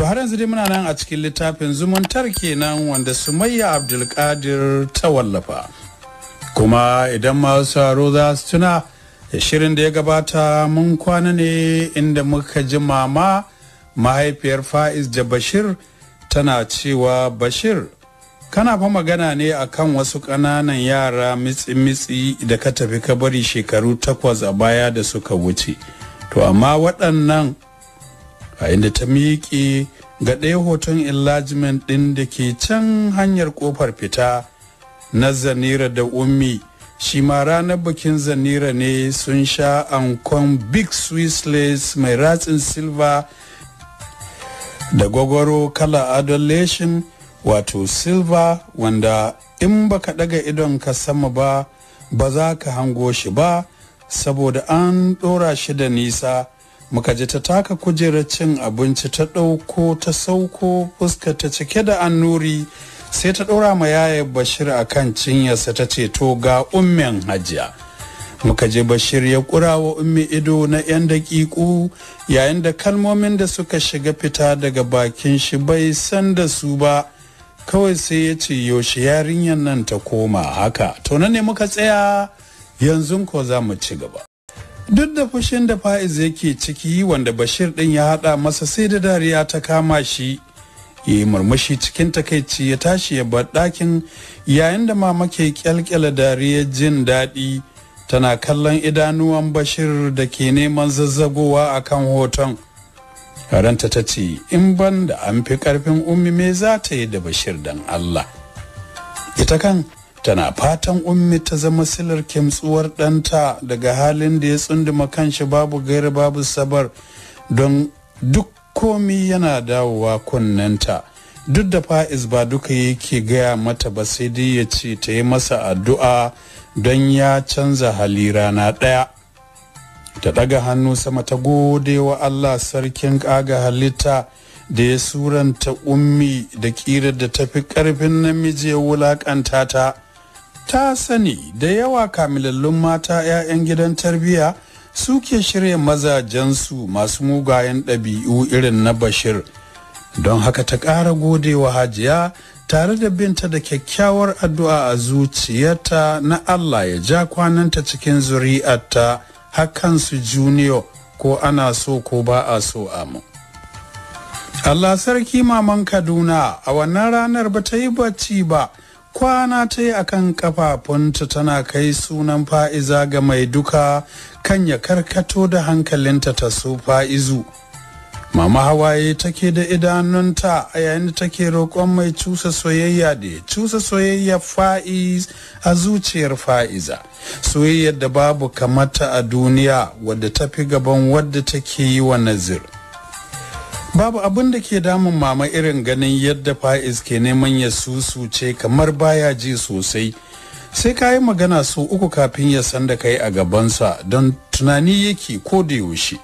To har yanzu dai muna nan a cikin littafin zumuntar kenan wanda Sumayya Abdulkadir ta wallafa. Kuma idan masu saro za su tuna shirin da ya gabata mun kwana ne inda muka ji mama mahaifiyar Fa'iz da Bashir tana cewa Bashir kana fa magana ne akan wasu ƙananan yara mitsi-mitsi da ka tafi ka bari shekaru takwas a baya da suka wuce. To amma waɗannan a inda ta miƙe ga ɗaya hoton enlargement ɗin da ke can hanyar ƙofar fita na zanira da ummi shi ma ranar bikin zanira ne sun sha ankon big swiss lace mai ratsin silver da gwagwaro kala adolescent wato silver wanda in baka daga idon ka sama ba ba za ka hango shi ba saboda an ɗora shi da nisa muka ji ta taka kujerar cin abinci ta ɗauko ta sauko fuska ta cike da annuri sai ta ɗora ma yaya bashir a kan cinyarsa ta ceto ga ummin hajiya muka je bashir ya wa ummi ido na 'yan daƙiƙu yayin da kalmomin da suka shiga fita daga bakin shi bai san da su ba kawai sai ya ce yaushe yarinyar nan ta koma haka to na ne muka tsaya yanzu ko za mu ci gaba duk da fushin da fa'iz yake ciki wanda bashir din ya hada masa sai da dariya ta kama shi ya yi murmushi cikin takaici ya tashi ya bar ɗakin yayin da mama ke kyalkyala dariya jin daɗi tana kallon idanuwan bashir da ke neman zazzagowa a kan hoton ranta ta ce in ban da an fi ƙarfin ummi me za ta yi da bashir dan allah ita kan tana fatan ummi ta zama silar kimtsuwar ɗanta daga halin da ya tsunduma kanshi babu gaira babu sabar don duk komi yana dawowa kunnenta duk da fa'iz ba duka yake gaya mata ba sai dai ya ce ta yi masa addu'a don ya canza hali rana ɗaya ta ɗaga hannu sama ta gode wa allah sarkin ƙaga halitta da ya suranta ummi da ƙirar da tafi ƙarfin namiji ya wulaƙanta ta ta sani da yawa kamilallun mata 'ya'yan gidan tarbiyya suke shirya mazajensu masu mugayen ɗabi'u irin na bashir don haka ta ƙara godewa hajiya tare da binta da kyakkyawar addu'a a zuciyarta na allah ya ja kwananta cikin zuri'arta hakan su junior ko ana so ko ba a so amu allah sarki maman kaduna a wannan ranar ba ta yi bacci ba kwana ta yi akan kafafunta tana kai sunan fa'iza ga mai duka kan ya karkato da hankalinta ta su fa'izu mama hawaye take da idanunta a yayin da take roƙon mai cusa soyayya da ya cusa soyayya fa'iz a zuciyar fa'iza soyayyar da babu kamata a duniya wadda ta fi gaban wadda take yi wa nazir babu abin da ke damun mama irin ganin yadda fa'iz ke neman ya susuce kamar baya ji sosai sai ka yi magana su uku kafin ya san da kai a gabansa don tunani yake ko da yaushe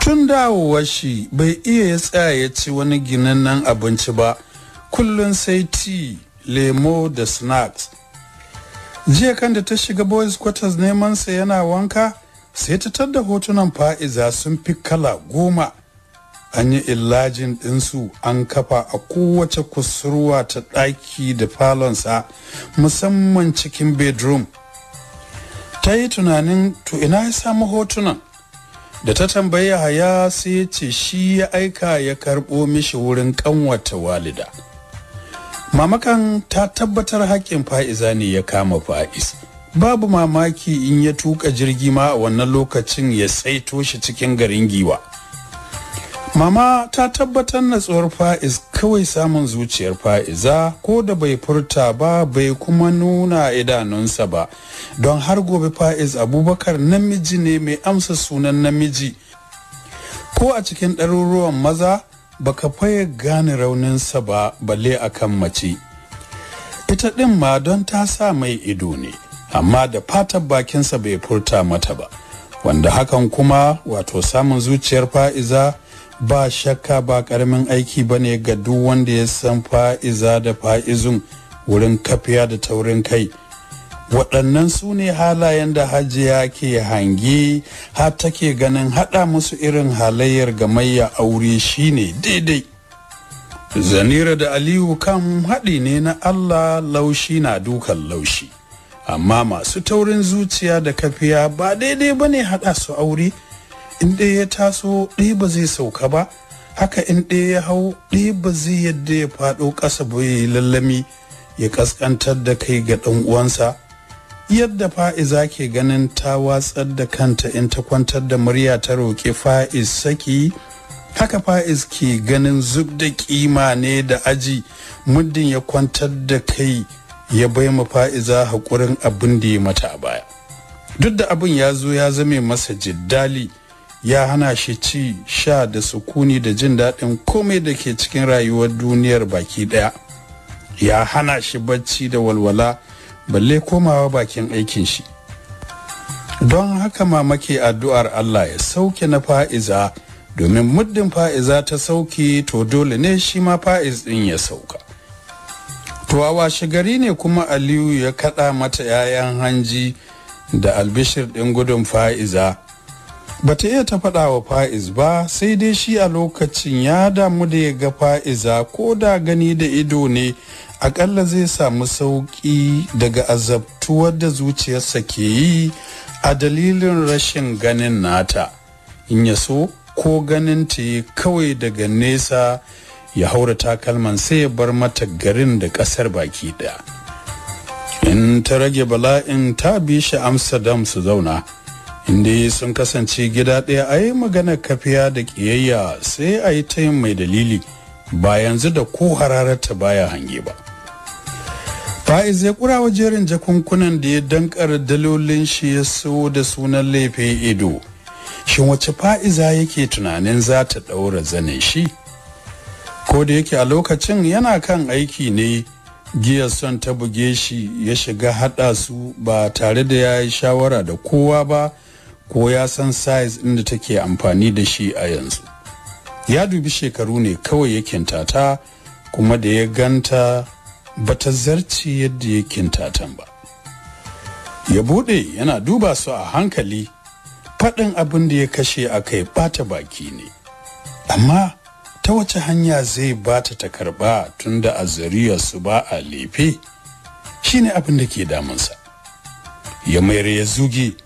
tun dawowa shi bai iya ya tsaya ya ci wani ginannen abinci ba kullum sai ti lemo da snacks jiya kan da ta shiga boys quarters neman sa yana wanka sai ta tadda hotunan fa'iza sun fi kala goma an yi illajin ɗinsu an kafa a kowace kusurwa ta ɗaki da falonsa musamman cikin bedroom ta yi tunanin to ina ya samu hotunan da ta tambayi haya sai ya ce shi ya aika ya karɓo mishi wurin ƙanwata walida mamakan ta tabbatar haƙƙin fa'iza ne ya kama fa'iz babu mamaki in ya tuka jirgi ma a wannan lokacin ya saito shi cikin garin giwa mama ta tabbatar na tsohuwar fa'iz kawai samun zuciyar fa'iza ko da bai furta ba bai kuma nuna idanunsa ba don har gobe fa'iz abubakar namiji ne mai amsa sunan namiji ko a cikin ɗaruruwan maza baka faye gane rauninsa ba balle kan mace ita ɗin ma don ta sa mai ido ne amma da fatan bakinsa bai furta mata ba wanda hakan kuma wato samun zuciyar fa'iza ba shakka ba karamin aiki ba ne ga duk wanda ya san fa'iza da fa'izun wurin kafiya da taurin kai waɗannan su ne halayen da hajiya ke hangi har take ganin haɗa musu irin halayyar gamayya aure shine daidai zanira da aliyu kan haɗi ne na allah laushi na dukan laushi amma masu taurin zuciya da kafiya ba daidai ba ne haɗa su aure in ɗaya ya taso ɗaya ba zai sauka ba haka in ɗaya ya hau ɗaya ba zai yadda ya faɗo ƙasa ba ya lallami ya ƙasƙantar da kai ga ɗan uwansa yadda fa'iza ke ganin ta watsar da kanta in ta kwantar da murya ta roƙe fa'iz saki haka fa'iz ke ganin zub da kima ne da aji muddin ya kwantar da kai ya bai ma fa'iza haƙurin abin da ya mata a baya duk da abin ya zo ya zame masa jiddali ya hana shi ci sha da sukuni da jin daɗin komai da ke cikin rayuwar duniyar baki ɗaya ya hana shi bacci da walwala balle komawa bakin aikin shi don haka ke addu'ar Allah ya sauke na fa'iza domin muddin fa'iza ta sauke to dole ne shi ma fa'iz ɗin ya sauka to a washe gari ne kuma aliyu ya kaɗa mata 'ya'yan hanji da albishir ɗin gudun fa'iza ba ta iya ta faɗa wa fa'iz ba sai dai shi a lokacin ya damu da ya ga fa'iza ko da gani da ido ne akalla zai samu sauƙi daga azabtuwar da zuciyarsa ke yi a dalilin rashin ganin nata in ya so ko ganin ta yi kawai daga nesa ya haura takalman sai ya bar mata garin da ƙasar baki ɗaya in ta rage bala'in ta bi shi amsterdam su zauna inda sun kasance gida ɗaya a yi magana kafiya da ƙiyayya sai a yi ta yin mai dalili ba yanzu da ko hararata baya hange ba fa'iz ya kura wa jerin jakunkunan da ya dankar dalolin shi ya so da sunan laifin ido shin wace fa'iza yake tunanin za ta ɗaura zanen shi ko da yake a lokacin yana kan aiki ne giya son ta buge shi ya shiga haɗa su ba tare da ya yi shawara da kowa ba ko ya san size ɗin da take amfani da shi a yanzu ya dubi shekaru ne kawai ya kintata kuma da ya ganta ba ta zarci yadda ya kintatan ba ya buɗe yana duba su a hankali faɗin abin da ya kashe a kai ɓata baki ne amma ta wace hanya zai bata ta karba tunda da a su ba a lefe shine abin da ke damunsa ya mayar ya zugi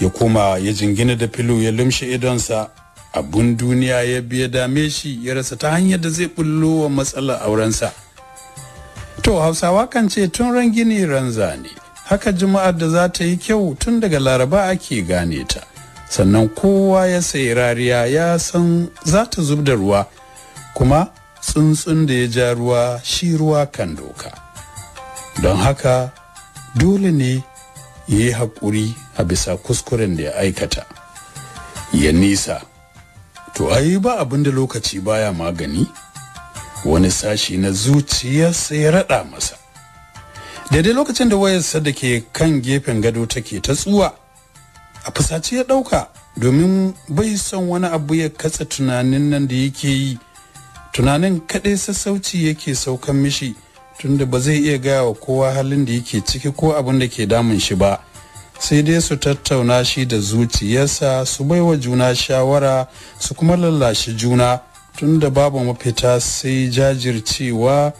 ya koma ya jingina da filo ya lumshe idonsa abun duniya ya biya dame shi ya rasa ta hanyar da zai bullo wa matsalar aurensa to hausawa kan ce tun ran gini ran zane haka juma'ar da za ta yi kyau tun daga laraba ake gane ta sannan kowa ya sayi rariya ya san za ta zub da ruwa kuma tsuntsun da ya ja ruwa shi ruwa kan doka don haka dole ne ya yi haƙuri a bisa kuskuren da ya aikata ya nisa to ai ba abin da lokaci baya magani wani sashi na zuciyarsa ya rada masa daidai lokacin da wayarsa da ke kan gefen gado take ta tsuwa a fusace ya dauka domin bai son wani abu ya katsa tunanin nan da yake yi tunanin kaɗai sassauci yake saukan mishi tunda ba zai iya gaya wa kowa halin da yake ciki ko abin da ke damun shi ba sai dai su tattauna shi da zuciyarsa su baiwa juna shawara su kuma lallashi juna tunda babu mafita sai jajircewa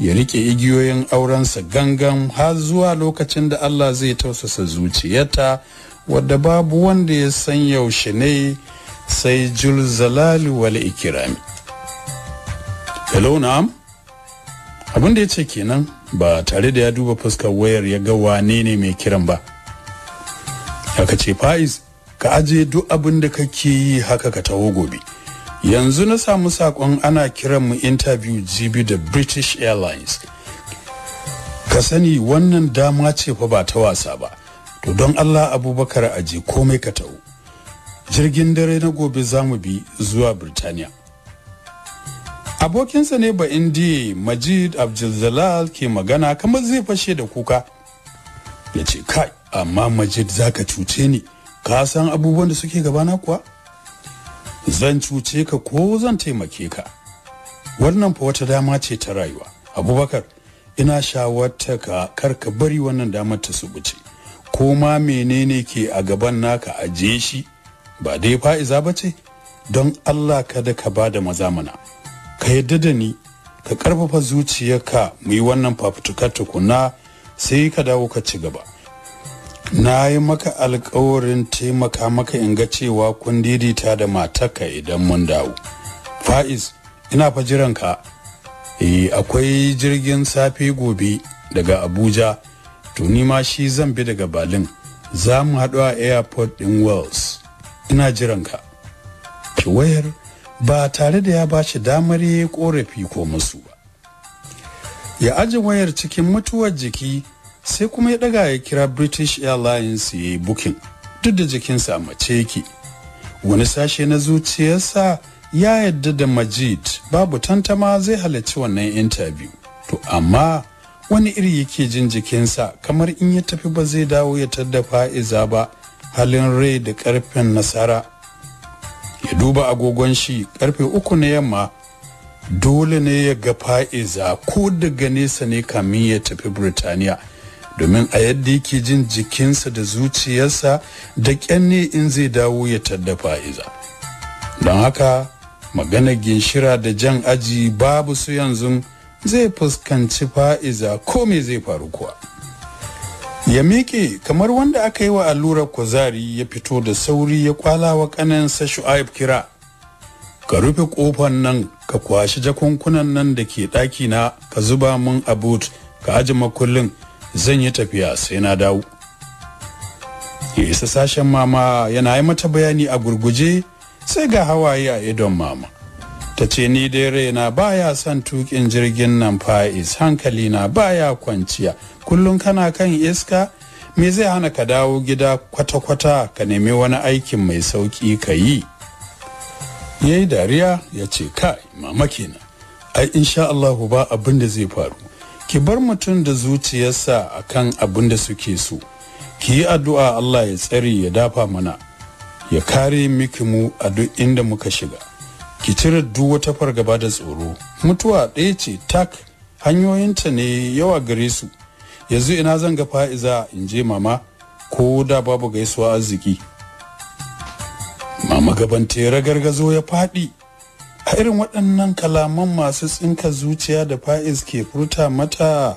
ya rike igiyoyin aurensa gangan har zuwa lokacin da Allah zai tausasa zuciyarta wadda babu wanda ya san yaushe ne sai jul zalali wal ikirami hello na'am abin da ya ce kenan ba tare da ya duba fuskar wayar ya ga wane ne mai kiran ba haka ce faiz ka aje duk abin da kake yi haka ka taho gobe yanzu na samu sakon ana kiran mu interview gb da british airlines ka sani wannan dama ce fa ba ta wasa ba to don allah abubakar aje komai ka taho jirgin dare na gobe za mu bi zuwa birtaniya abokinsa ne ba indi majid abdulzalal ke magana kamar zai fashe da kuka ya ce kai amma majid za ka cuce ni ka san abubuwan da suke gabana kuwa zan cuce ka ko zan taimake ka wannan fa wata dama ce ta rayuwa abubakar ina shawarta ka kar ka bari wannan damar ta subuce ko ma menene ke a gaban naka aje shi ba dai fa'iza ba ce don allah kada ka ba da maza mana ka yadda da ni ka karfafa zuciyarka mu yi wannan fafutukar tukuna sai ka dawo ka ci gaba na yi maka alkawarin taimaka maka in ga cewa kun daidaita da mataka idan mun dawo fa'iz ina fa jiran ka eh akwai jirgin safe gobe daga abuja to ni ma shi zan bi daga balin za mu haɗu a airport ɗin wells ina jiran ka ki wayar ba tare da ya ba shi damar ya korafi ko musu ba ya aji wayar cikin mutuwar jiki sai kuma ya daga ya kira british airlines ya yi bukin duk da jikinsa a mace yake wani sashe na zuciyarsa ya yadda da majid babu tantama zai halarci wannan interview to amma wani iri yake jin jikinsa kamar in ya tafi ba zai dawo ya tadda fa'iza ba halin rai da karfin nasara ya duba agogon shi karfe uku na yamma dole ne ya ga fa'iza ko daga nesa ne kamin ya tafi Birtaniya domin a yadda yake jin jikinsa da zuciyarsa da kyanne in zai dawo ya tadda fa'iza don haka magana ginshira da jan aji babu su yanzu zai fuskanci fa'iza ko me zai faru kuwa ya miƙe kamar wanda aka yi wa allurar kuzari ya fito da sauri ya kwala wa ƙanansa shu'aib kira ka rufe ƙofan nan ka kwashe jakunkunan nan da ke ɗaki na ka zuba mun a but ka aji makullin zan yi tafiya sai na dawo ya isa sashen mama yana yi mata bayani a gurguje sai ga hawaye a idon mama ta ce ni dai raina baya son tukin jirgin nan fa'is hankali na baya kwanciya kullum kana kan iska me zai hana ka dawo gida kwata-kwata ka nemi wani aikin mai sauki ka yi ya yi dariya ya ce kai mama kenan ai insha ba abin da zai faru ki bar mutum da zuciyarsa kan abin da suke so ki yi addu'a Allah ya tsari ya dafa mana ya kare miki mu a duk inda muka shiga ki cire duk wata fargaba da tsoro mutuwa ɗaya ce tak hanyoyinta ne yawa gare su yanzu ina zan ga fa'iza in je mama ko da babu gaisuwa arziki mama gaban tera gargazo ya faɗi a irin waɗannan kalaman masu tsinka zuciya da fa'is ke furta mata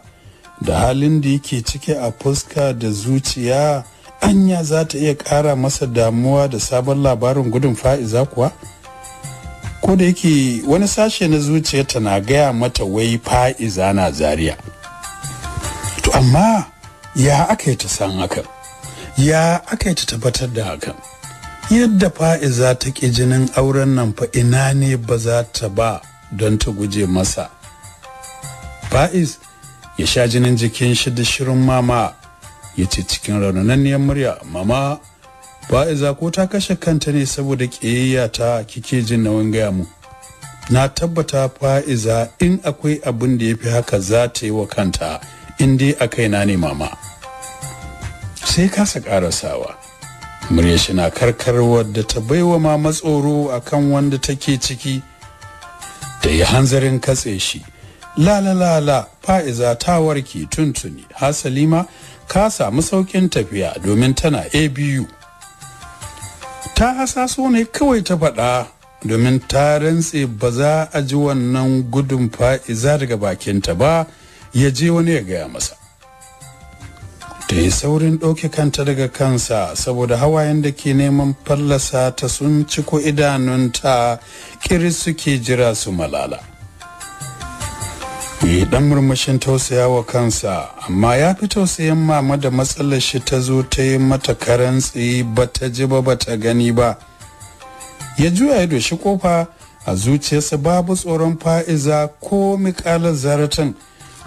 da halin da yake ciki a fuska da zuciya anya za ta iya ƙara masa damuwa da sabon labarin gudun fa'iza kuwa ko da yake wani sashe na zuciya ta na gaya mata wai fa'iza na zaria to amma ya aka yi ta san hakan ya aka yi ta tabbatar da haka yadda fa'iza ta ƙi jinin auren nan fa ina ne ba za ta ba don ta guje masa fa'iz ya sha jinin jikin shi da shirin mama ya ce cikin raunananniyar murya mama fa'iza ko ta kashe kanta ne saboda ƙiyayya ta kike jin nawan gaya mu na tabbata fa'iza in akwai abin da ya fi haka za ta yi wa kanta in dai a kaina ne mama sai kasa ƙarasawa murya shi na karkar wadda ta baiwa mama tsoro akan wanda take ciki da yi hanzarin katse shi la la fa'iza ta warke tuntuni hasalima ka samu saukin tafiya domin tana abu ta hasaso ne kawai ta faɗa domin ta rantse ba za a ji wannan gudun fa'iza daga bakinta ba ya je wani ya gaya masa ta yi saurin ɗauke kanta daga kansa saboda hawayen da ke neman fallasa ta sun ciko idanunta ƙiri suke jira su malala yi ɗan murmushin tausaya wa kansa amma ya fi tausayin mama da matsalar shi ta zo ta yi mata karantsi ba ta ji ba ba ta gani ba ya juya ya shi kofa a zuciyarsa babu tsoron fa'iza ko miƙalar zaratan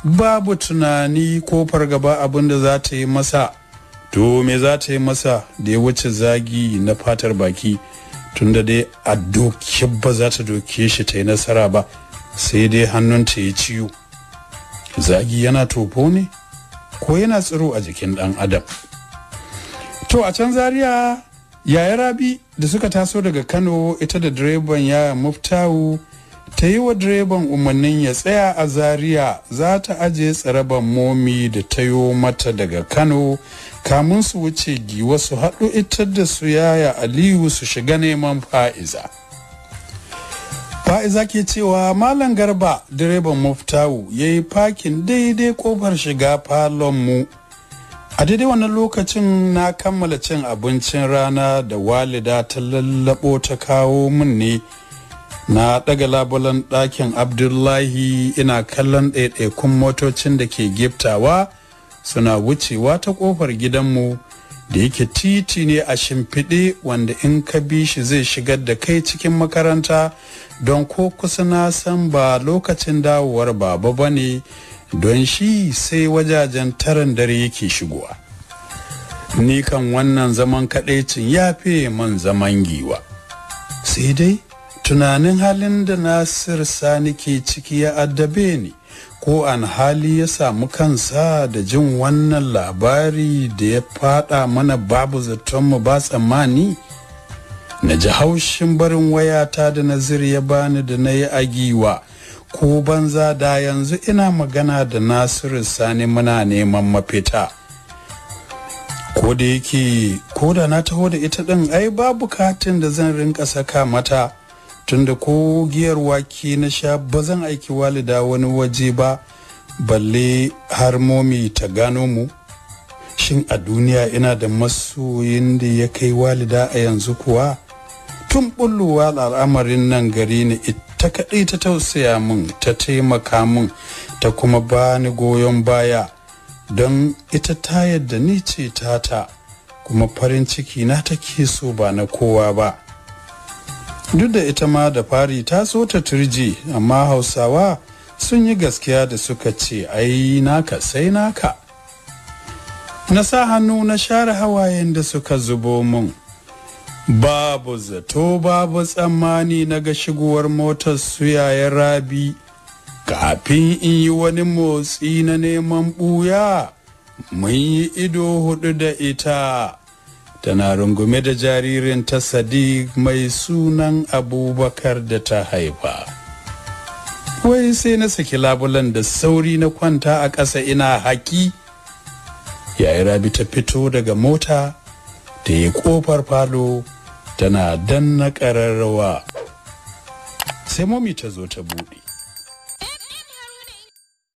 babu tunani ko fargaba abin da za ta yi masa to me za ta yi masa da ya wuce zagi na fatar baki tunda dai a doke ba za ta doke shi ta yi nasara ba sai dai hannunta ya ciwo zagi yana tofo ne ko yana tsiro a jikin dan adam to a can Zariya, yaya rabi da suka taso daga kano ita da direban yaya muftawu ta yi wa direban umarnin ya tsaya a zaria za ta ajiye tsaraban momi da ta yi mata daga kano kamun su wuce giwa su haɗu ita da su yaya aliyu su shiga neman fa'iza fa'iza ke cewa malam garba direban muftawu ya yi fakin daidai kofar shiga falon mu a daidai wani lokacin na kammala cin abincin rana da walida ta lallabo ta kawo min ne na daga labulan ɗakin abdullahi ina kallon ɗaiɗaikun motocin da ke giftawa suna wucewa ta ƙofar gidanmu da yake titi ne a shimfiɗe wanda in ka bi shi zai shigar da kai cikin makaranta don ko kusa na san ba lokacin dawowar baba ba ne don shi sai wajajen taran dare yake shigowa ni kan wannan zaman kaɗaicin ya fi man zaman giwa sai dai tunanin halin da nasir sani ke ciki ya addabe ni ko an hali ya samu kansa da jin wannan labari da ya fada mana babu zatonmu ba tsammani na ji haushin barin wayata da nazir ya bani da na yi agiwa ko banza da yanzu ina magana da nasiru sani muna neman mafita ko da yake ko da na taho da ita ɗin ai babu katin da zan rinka saka mata tunda ko giyar wake na sha ba zan aiki walida wani waje ba balle har momi ta gano mu shin a duniya ina da masoyin da ya kai walida a yanzu kuwa tun bulluwa al'amarin nan gari ne ita kaɗai ta tausaya min ta taimaka min ta kuma ba ni goyon baya don ita ta yadda ni ce tata kuma farin ciki na take so ba na kowa ba duk da ita ma da fari ta so ta turji amma hausawa sun yi gaskiya da suka ce ai naka sai naka na sa hannu na share hawayen da suka zubo mun babu zato babu tsammani na ga shigowar motar su suyayen rabi kafin in yi wani motsi na neman buya mun yi ido hudu da ita tana rungume da jaririn ta sadiq mai sunan abubakar da ta haifa wai sai na saki labulan da sauri na kwanta a ƙasa ina haki yayi rabi ta fito daga mota ta yi ƙofar falo tana danna ƙararrawa sai momi ta zo ta buɗe